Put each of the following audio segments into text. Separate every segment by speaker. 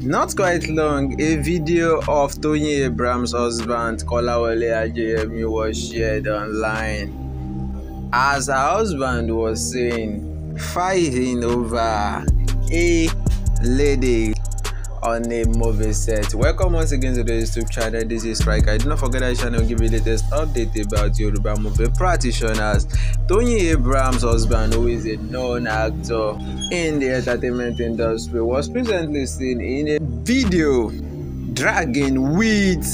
Speaker 1: Not quite long, a video of Tony Abraham's husband Kolawole Ajeyemi was shared online. As her husband was seen fighting over a lady on a movie set. Welcome once again to the YouTube channel. This is Striker. Do not forget that channel give you the latest update about Yoruba movie practitioners. Tony Abraham's husband, who is a known actor in the entertainment industry, was presently seen in a video dragging with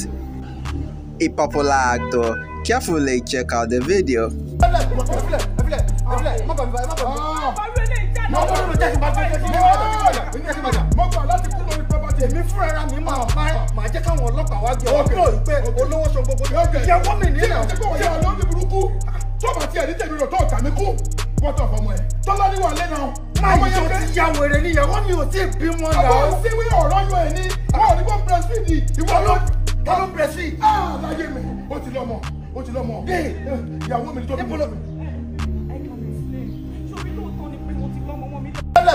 Speaker 1: a popular actor. Carefully check out the video
Speaker 2: tèmi fúnra mi máa bá màá jẹ́ káwọn ọlọ́pàá wá gbé ọkọ̀ yìí pé olówó san gbogbo jẹ́ wọ́n mi ní ìlànà. ṣé ọ̀lọ́ ní burúkú tó bá tiẹ̀ ní tèmi rò tó ọ̀tà mi kú wọ́tọ̀ fọmọ ẹ̀ tọ́lá ní wà lẹ́nu. máa yí tó ti ya wèrè ni ìyàwó mi ò tí ì bímọ yàrá. àwọn síwí ọ̀rọ̀ yọ ẹ̀ ní àwọn òdìbò brẹ́sìdì ìwọ ló ló brẹ́sìdì. àlàyé mi ó ti lọ́mọ ó ti lọ́mọ eh, ìyàwó mi tó bí mi.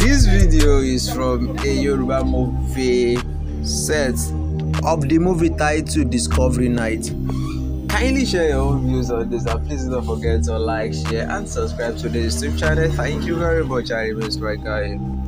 Speaker 1: This video is from a Yoruba movie set of the movie titled Discovery Night. Kindly share your own views on this and please don't forget to like, share and subscribe to the YouTube channel. Thank you very much. I remain Striker.